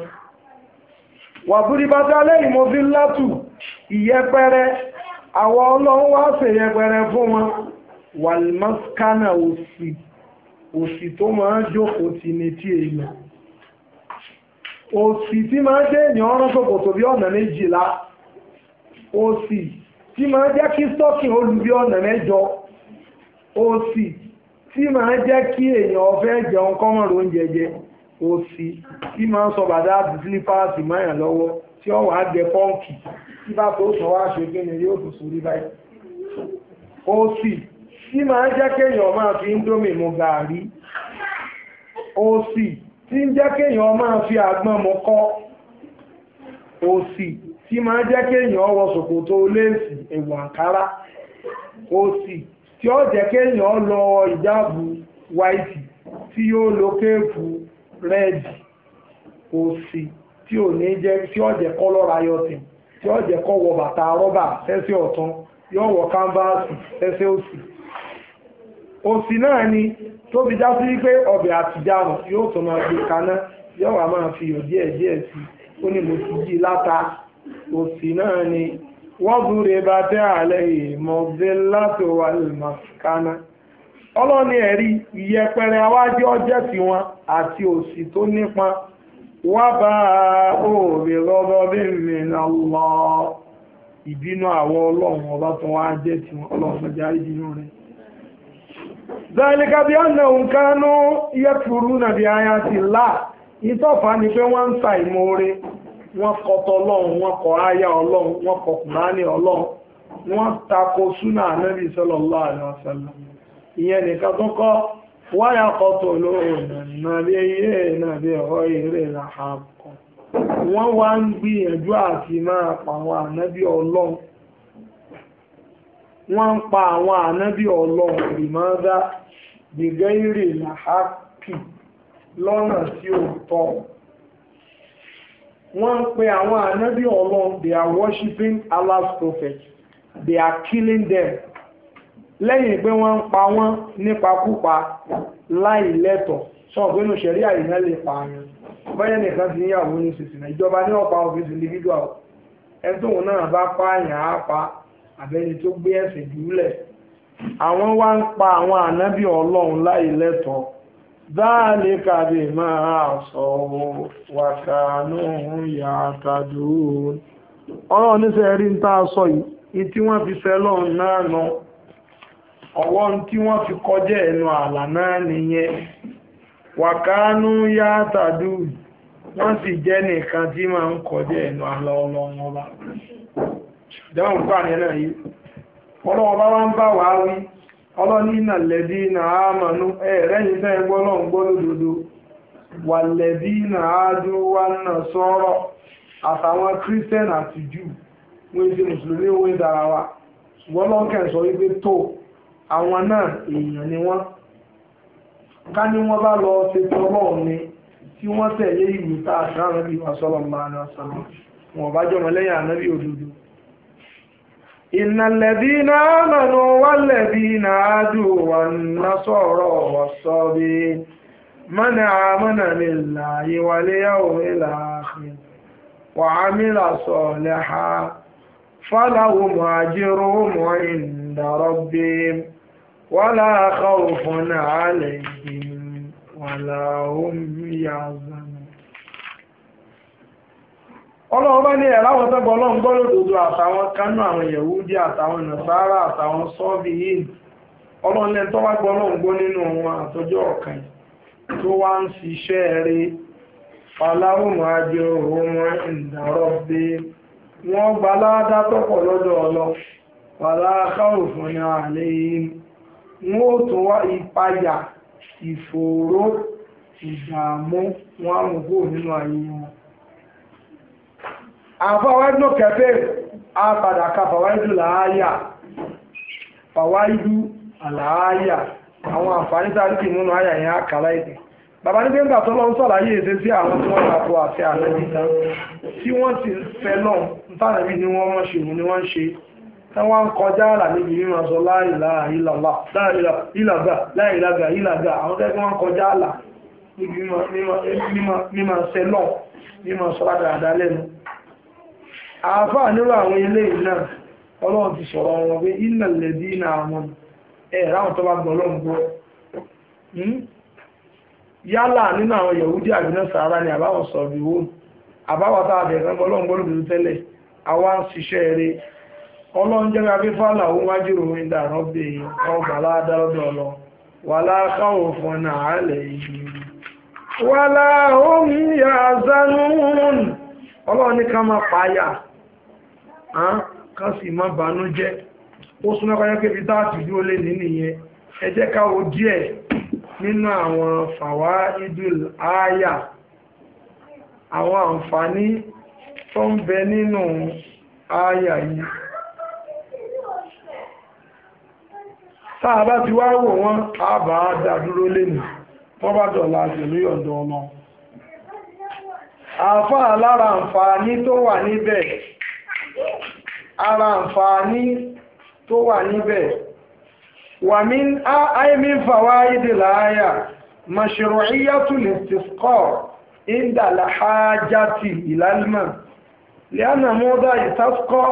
wàbúrí bá tẹ̀ alẹ́ yìí mọ̀sílà tù ìyẹpẹrẹ àwọn ọlọ́run wá ṣèyẹpẹrẹ fún wọn wàlmáskánà òsì òsì tó máa jókòó ti ní tí èèyàn òsì tí máa jẹ́ èèyàn ọ̀rọ̀ ṣòkòtò bí ọ̀nà méjìlá òsì tí máa jẹ́ kí stọ́kì ó lu bí ọ̀nà mẹ́jọ òsì tí máa jẹ́ kí èèyàn ọ̀fẹ́ jẹun kọ́mọ̀rún oúnjẹ jẹ òsì tí máa sọ bàdá sílípáàsì máyàn lọ́wọ́ tí ó wàá gẹ pọ́ǹkì tí bá tó sọ wá ṣe kí ni yóò tó sórí báyìí òsì tí máa jẹ́ kéèyàn máa fi índómì mu gàárì òsì tí ń jẹ́ kéèyàn máa fi àgbọn mu kọ́ òsì tí máa jẹ́ kéèyàn wọ ṣòkòtò léèsì ẹ̀wọ̀n àǹkárá òsì tí ó jẹ́ kéèyàn lọ ìjáàbù wáìtì tí yóò lo kéèpù rẹ́ẹ̀dì òsì tí ò ní jẹ́ tí ó jẹ́ kọ́ lọ́ra yọtìn tí ó jẹ́ kọ́ wọ bàtà rọ́bà ẹsẹ̀ ọ̀tún òsì náà ni tó fi já sí wípé ọbẹ̀ àtijárò yóò tó máa gbé kaná yóò wá máa fi yọ̀ díẹ̀ díẹ̀ sí ó ní mo ti jí láta òsì náà ni wọ́n dúre bá dé àlẹ́ ìmọ̀ọ́dé láti wà lùmọ̀ kaná ọlọ́ni ẹ̀rí ìyẹpẹrẹ awájú ọjẹ́ àti òsì tó nípa wá bá òòrè lọ́dọ́ bí mìíràn lọ ìbínú àwọn ọlọ́run ọba tó wá jẹ́ zalika bí annahum kanu yakfuruna bi ayati Allah ìtọ́fà ni pé wọ́n ń sa ìmoore wọ́n kọ tọlọ́run wọ́n nwakọta aya ọlọ́run wọ́n kọ kùránì ọlọ́run wọ́n tako súnà ànábì sallallahu alaihi wasallam ìyẹn nìkan tó kọ́ wáyà kọ́ tó lóòrùn nàbí nàbí wọ́n ń pa àwọn ànábì ọlọ́run ìmọ̀ọ́dá gbẹ̀gẹ́rì làákì lọ́nà sí ó wọ́n ń pe àwọn ànábì ọlọ́run they are worshiping Allah's prophet they are killing them lẹ́yìn pé wọ́n ń pa wọ́n láì lẹ́tọ̀ọ́ sọ pé inú lè pa àyàn báyẹ̀ nìkan ti níyàwó ní sísìn ìjọba ní ọ̀pá òfin individual àbẹ́ni tó gbé ẹ̀sìn jùlẹ̀ àwọn wá ń pa àwọn ànábì ọlọ́run láì lẹ́tọ̀ọ́ dáàlé kàbí máa sọ wàkàánú ìyá àtàdù ọ̀rọ̀ oníṣẹ́ rí ń tá a sọ yìí tí wọ́n fi fẹ́ lọ́run náà nà ọwọ́ tí wọ́n fi ẹnu náà nìyẹn wàkàánú ìyá àtàdù wọ́n sì jẹ́ nìkan tí máa ń ẹnu dẹ́wọ̀n gbà ní ẹ̀nà yìí ọlọ́wọ́ bá wá ń bá wàá wí ọlọ́ní ìnà ìnà àmànú ẹ̀ẹ́rẹ́yìn tẹ́ gbọ́ lọ́n gbọ́ lódodo wà lẹ́bí ìnà àádó wà nà sọ́rọ̀ àtàwọn kírísítẹ́nì ti mùsùlùmí wọ́n dára wa ṣùgbọ́n lọ́kẹ̀ sọ wípé èèyàn ni wọ́n ká ní wọ́n bá lọ ni tí wọ́n tẹ̀lé tá a bá jọmọ إن الذين آمنوا والذين عادوا والنصارى والصابين من آمن بالله واليوم الآخر وعمل صالحا فلهم أجرهم عند ربهم ولا خوف عليهم ولا هم يحزنون ọlọ́run bá ní ẹ̀rọ àwọn tẹ́gbọ́ ọlọ́run gbọ́ lódodo àtàwọn kánú àwọn yẹ̀wúdí àtàwọn nàṣàrà àtàwọn sọ́ọ̀bì yìí ọlọ́run lẹ́nu tó bá gbọ́ ọlọ́run gbọ́ nínú wọn àtọjọ́ ọ̀kan tó wá ń ṣiṣẹ́ rí faláhùn bí wọ́n gba ládá lọ́dọ̀ ọlọ́ fún àlẹ́ yìí wọ́n ó tún wá ìpayà àfọwọ́dún kẹfẹ́ àpàdà ka fàwáìdù àwọn àǹfààní a rí kì nínú yẹn àkàlà èdè bàbá ní gbẹ́ngbà tó lọ́n sàlàyé èdè sí àwọn tí wọ́n tako àti àlẹ́bí tí wọ́n ti fẹ́ náà ntànàbí ni wọ́n mọ̀ ṣe ni wọ́n ṣe tí wọ́n ń kọjá àlà níbi sọ ìlàgbà àwọn tẹ́gbẹ́ wọ́n kọjá àlà níbi àáfàá nírò àwọn ilé náà ọlọ́run ti sọ̀rọ̀ wọn pé iná lẹ́bí iná àwọn ẹ̀ ráwọn tó bá gbọ́ ọlọ́run gbọ́ hmm? yálà nínú àwọn yahudi àbínú sàárà ni àbáwọn sọ̀rọ̀ ìwò àbáwọn tá a bẹ̀rẹ̀ kan ọlọ́run gbọ́dọ̀ dúró tẹ́lẹ̀ àwa ń ṣiṣẹ́ eré ọlọ́run jẹ́ abẹ́ fàlà òun wájú òun ìdá rọ́bẹ̀ ọgbà ládàrọ́dọ̀ ọlọ wà láàkáwò fún ọ̀nà àálẹ̀ yìí wà láàhùn ọlọ́run ní ká máa pààyà ká sì má banú jẹ́ ó súnmọ́ kọjá kébi táàtì dúró lé ní nìyẹn ẹ jẹ́ díẹ̀ nínú àwọn fàwa idul aya àwọn àǹfààní tó ń bẹ nínú aya yìí táà bá ti wá wò wọ́n àbá dàdúró lẹ́nu wọ́n bá dọ̀la pẹ̀lú yọ̀ǹdọ̀ ọmọ àfáà lára àǹfààní tó wà níbẹ̀ ara àǹfààní tó wà níbẹ̀ wà mí àìmí fàwa ìdìlà àyà mashru'iyatu listisqa inda lahajati ilalma liana mọ́dá ìtàsíkọ́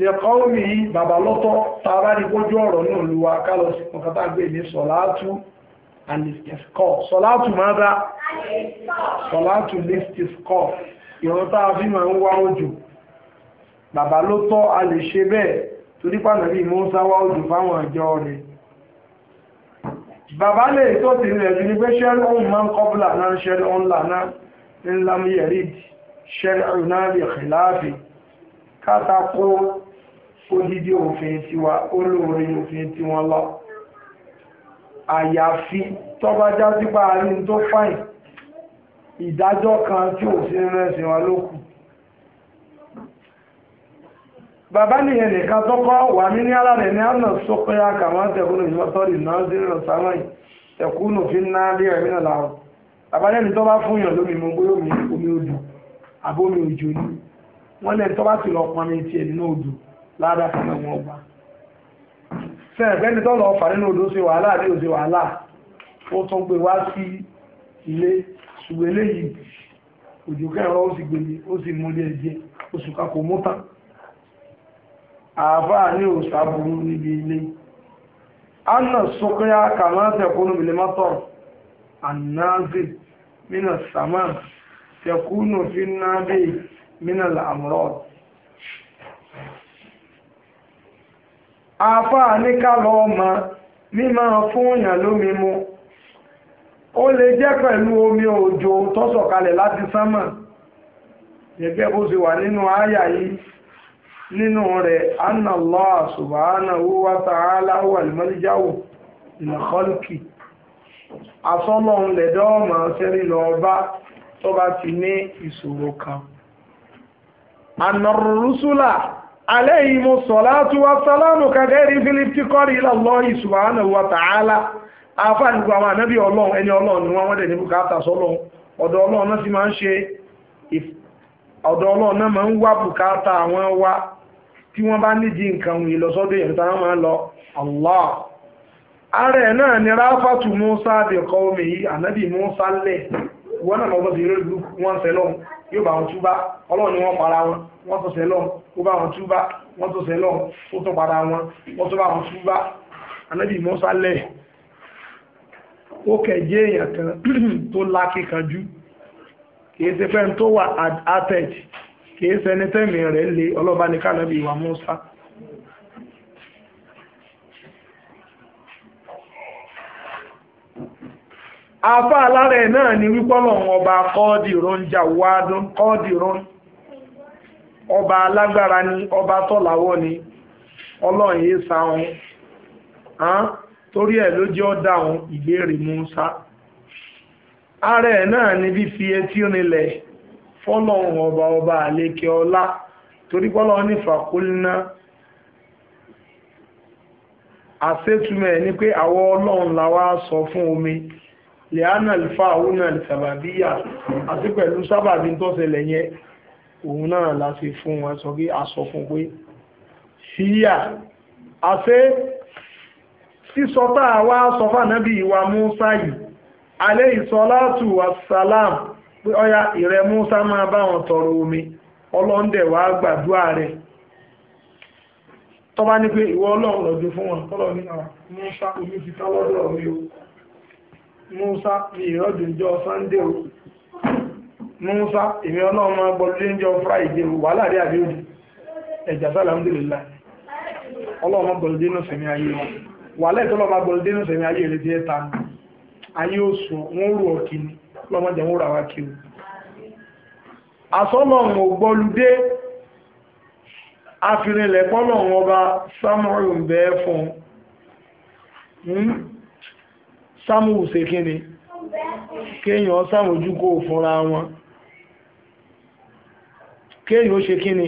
lẹ́kọ́ omi bàbá lọ́tọ́ tààrà ní kójú ọ̀rọ̀ náà ló wà kálọ̀ sí ọ̀kátà gbé ní sọ̀látù alistisqa sọ̀látù mọ́dá sọ̀látù listisqa ìrántá fi máa ń wá òjò bàbá ló tọ́ a lè ṣe bẹ́ẹ̀ torí pàtàkì Mùsá wá òjò fáwọn àjọ rẹ̀ bàbá lè tó ti rẹ̀ ju ní pé ṣẹ́rí òun máa ń kọ́bùlà náà ṣẹ́rí òun lànà ńlá mi yẹ̀rí ṣẹ́rí òun náà lè rìn láàbì kátàkó odidi òfin tiwa olóore òfin tiwọn lọ àyàfi tọ́ba já sípa àárín tó fàìn ìdájọ́ kan tí ò sí rẹ̀sìn wa ló bàbá nìyẹn nìkan tó kọ́ wà ní ní alárẹ̀ ní àná sọ́kọ́ ya kà máa tẹ̀kúnù ìmọ̀tọ́rì náà sí rẹ̀ sáwọn tẹ̀kúnù fi ná bí rẹ̀ mìíràn láàrọ̀ bàbá lẹ́ni tó bá fún yàn lómi mú bóyá omi omi odò àbó omi òjò ni wọ́n lẹ́ni tó bá sì lọ pọnmi tiẹ̀ nínú odò ládà fún ẹ̀wọ̀n ọgbà. sẹ́yìn fẹ́ni tó lọ fà nínú odò ṣe wàhálà ní òṣè wàhálà ó tún gbé wá sí ilé ṣùgbọ́n eléyìí òjò kẹrọ àáfàá ní òòsà burú níbi ilé anna sókúnyá kàmáà tẹkùnú mìlímọ́tọ̀ annáàzì mínà sàmà tẹkùnú fi náàbì mínà làmúrọ̀ àáfàá ní kálọ̀ ọmọ mímọ́ fún èèyàn lómi mu ó lè jẹ́ pẹ̀lú omi òjò tó láti sánmà gẹ́gẹ́ bó ṣe wà nínú àyà yìí nínú rẹ̀ anna Allah subhanahu wa ta'ala wà lẹ́mọ́lẹ́jáwò ìlàkọ́lùkì asọ́lọ́hun lẹ̀dọ́ ọmọ sẹ́rí lọ tó bá ti ní ìṣòro kan wa salamu kagẹ́rì fílíptì kọ́rì wa ta'ala afáà nípa àwọn ọlọ́run ẹni ọlọ́run ni wọ́n wọ́n dẹ̀ ní ọ̀dọ̀ ọlọ́run náà ń tí wọ́n bá nídìí nǹkan òun ìlọsọ́dọ̀ èèyàn tí máa ń lọ Allah ààrẹ náà ni ráfàtù Musa àbẹ̀kọ́ omi yìí ànábì Musa lẹ̀ wọ́n náà lọ́gbọ́n sí lórí wọn sẹ́ lọ́hùn yóò bá wọn túbá ọlọ́run ni wọ́n para wọn wọ́n tó sẹ́ lọ́hùn ó bá wọn túbá wọ́n [clears throat] tó sẹ́ lọ́hùn ó tó kan tó lákìkanjú kì fẹ́ tó wà attached kìí sẹni tẹ́mì rẹ̀ lè ọlọ́ba ní kánàbí ìwà Musa afá alárẹ̀ náà ni wípọ́lọ̀ ọba kọ́ọ̀dìrún jàwádùn kọ́ọ̀dìrún ọba alágbára ni ọba tọ́láwọ́ ni ọlọ́run yìí sa torí ẹ̀ ló jẹ́ Musa ara ẹ̀ náà ni fi etí fọ́lọ́hun ọba ọba àlékè ọlá torí pọ́lọ́hun ní fàkólínà àṣetúmọ̀ ẹ̀ ni pé àwọn ọlọ́run làwa sọ fún omi lẹ́ánà ìfà òun àlìsàbàbíyà àti pẹ̀lú sábàbí tó ṣẹlẹ̀ yẹn òun náà la fún wọn sọ pé a sọ fún pé síyà àṣẹ sísọ tá a wá sọ fún ànábì wa Mùsá yìí alayhi salatu wassalam pé ọya ìrẹ Musa máa bá wọn tọrọ omi ọlọ́ndẹ̀ wàá gbàdúrà rẹ̀ tọ́ba ní pé ìwọ ọlọ́run lọ́dún fún wọn tọ́lọ̀ ní àwọn ah, Musa omi ti tá lọ́dọ̀ o Musa ní o Musa èmi ọlọ́run máa gbọ́ lóúnjọ́ Friday o wàhálà rí ẹ̀jà máa gbọ́ ayé wọn lọ́mọdé ń rà wá kí o àsọ́nà ọ̀hún ògbọ́lúdé afinilẹ̀ pọ́nà ọ̀hún ọba samuel ń bẹ́ fún hmm? samuel ṣe kíni kéèyàn sàmójúkò fúnra wọn kéèyàn ó ṣe kíni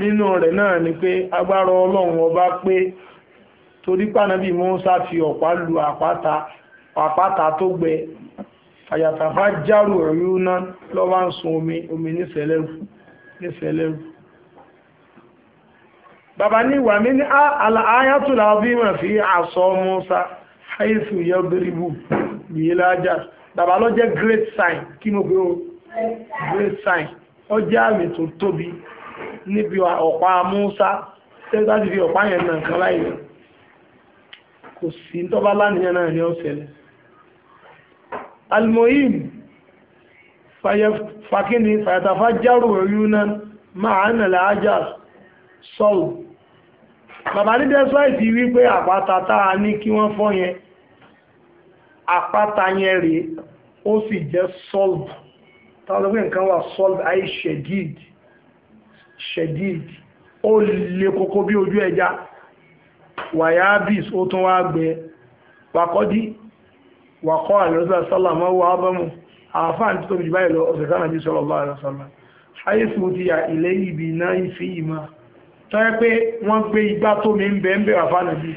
nínú rẹ̀ náà ni pé agbára ọlọ́run ọba pé torí pànábì mọ́ sáfi ọ̀pá lu àpáta àpáta tó gbẹ àyàtàfà járù ọ̀rú náà lọ́wọ́ ń sun omi omi nífẹ̀ẹ́lẹ́rù bàbá ní ìwà mi ní àyàtúlà bímọ̀ fi àṣọ Musa haifu yadribu nílájà bàbá ló jẹ́ great sign kí mo gbé o great sign ó jẹ́ àmì tó tóbi níbi ọ̀pá Musa tẹ́lifásitì fi ọ̀pá yẹn nà kan láì kò sí tọ́ba lánìyàn náà ní ọ̀sẹ̀ lẹ́yìn almohim fàkíní fàyàtàfà járò ríúná máa ń nàlẹ́ ajá sọ́ọ̀ bàbá ní dẹ́sọ́ìtì wípé àpáta táa ní kí wọ́n fọ́ yẹn àpáta yẹn rèé ó sì jẹ́ sọ́ọ̀bù táwọn ọlọ́gbẹ́ nǹkan wà sọ́ọ̀bù ayé ṣẹ̀díìdì ṣẹ̀díìdì ó lè kókó bí ojú ẹja wàyábìs ó tún wàkọ́ àlẹ́sà sọ́là mọ́ wà á bọ́mù àáfàá ní tóbi báyìí lọ ọ̀sẹ̀ kan àbí sọ̀rọ̀ lọ́wọ́ àlọ́ sọ́là ayé fún ti yà ilé ibi iná ìfi ìmọ̀ tó yẹ pé wọ́n gbé igbá tó mi ń bẹ́ ń bẹ́ àfa nàbí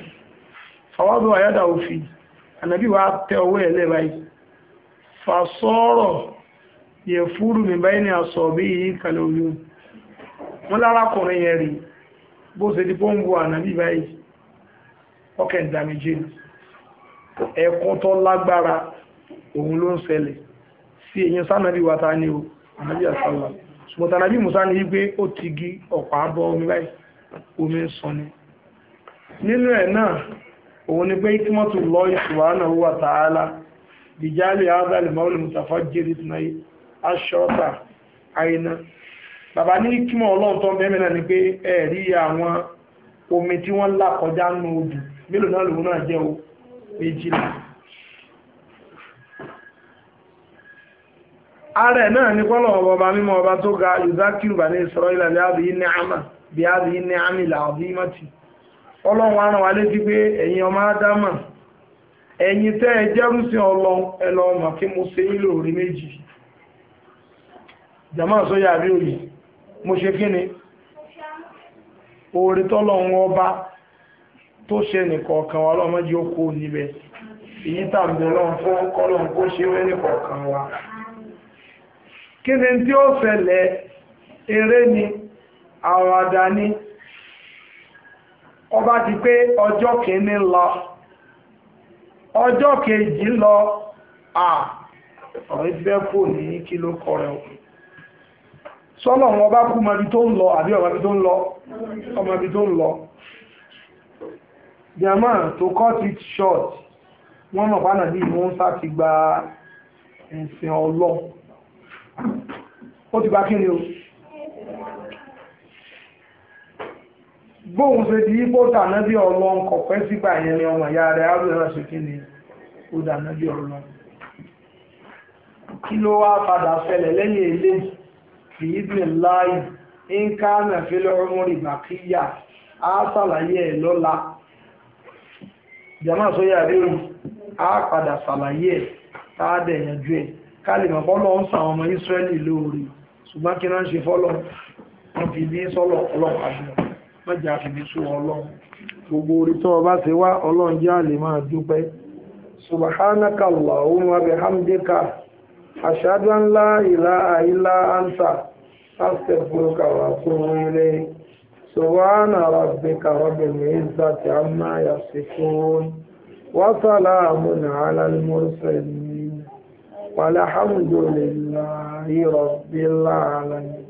fàwọ́dọ̀ àyádà òfin ànàbí wàá tẹ ọwọ́ ọkẹ̀ ìdàmẹ́jẹ́ ni ẹkún tó lágbára òun ló ń ṣẹlẹ̀ sí èyàn sánàbí wa ta ni o ànábì àsálà ṣùgbọ́n tànàbí musa ni wípé ó ti gi ọ̀pá bọ́ omi báyìí omi ń sọ ni nínú ẹ̀ náà òun ni pé kí wọ́n tún lọ ìṣùwánà wa ta'ala dìjálè ádàlè mọ́wùlì mùsàfà jẹ́rì tìǹà aṣọ́ta àìná bàbá ní kímọ̀ ọlọ́run tó bẹ́ẹ̀ mìíràn ni pé ẹ̀rí àwọn omi tí wọ́n là kọjá nù odù mélòó náà lòun náà jẹ́ o méjìlá ààrẹ náà ní kọ́lọ̀ ọba ọba mímọ́ ọba tó ga ìzákìrù bà ní ìsọ̀rọ̀ ilẹ̀ bí adìyí ní àmà bí adìyí ní àmì ìlà ọ̀dìmọ̀tì ọlọ́run aràn wa létí pé ẹ̀yin ọmọ ádámà ẹ̀yin tẹ́ ẹ jẹ́rú sí kí mo ṣe yín lóore méjì jàmáà sóyà àbí òyì mo ṣe kí ni ọba tó ṣe nìkọ̀ọ̀kan wa lọ́mọ jí ó kó níbẹ̀ èyí tàbí fún kọ́lọ́n kó ṣe wé nìkọ̀ọ̀kan wa kí ni tí ó ṣẹlẹ̀ eré ni àwàdà ni ọba ti pé ọjọ́ kìíní lọ ọjọ́ kejì lọ à ọ̀rẹ́ ti bẹ́ ní kí ló kọ rẹ̀ o wọn bá kú mọbi tó ń lọ àbí ọmọbi tó ń lọ man, to cut it short one of mọ̀ pàánà bí Mùsá ti gba ẹ̀sìn ọlọ́ ó ti bá kí ni o bóun ṣe di ipò tànábí ọlọ́ kọ̀pẹ́ sígbà yẹn ni ọmọ ìyá rẹ̀ arúgbó ṣe kí ni ó dànábí ọlọ́ kí ló wá padà ṣẹlẹ̀ lẹ́yìn eléyìí kìí bí láì ń ká nàfẹ́lẹ́ ọmọ rìbàkíyà á ṣàlàyé ẹ̀ lọ́la jama sóyè àbíòrì á padà ṣàlàyé tá a dẹ̀ yanjú ẹ̀ ká lè mọ̀ bọ́lọ̀ ń sàn ọmọ Ísírẹ́lì lóore ṣùgbọ́n kí náà ń ṣe fọ́lọ́ wọn fi bí sọ́lọ̀ ọlọ́run àbíọ̀ mọ́jà fi bí sú ọlọ́run gbogbo orí tó o bá wá ọlọ́run jẹ́ àlè máa dúpẹ́ subhanaka allahumma wa bihamdika ashhadu an la ilaha illa anta astaghfiruka wa atubu ilayk subhana rabbika rabbil izzati amma yasifun wa salamun ala al-mursalin walhamdulillahi rabbil alamin.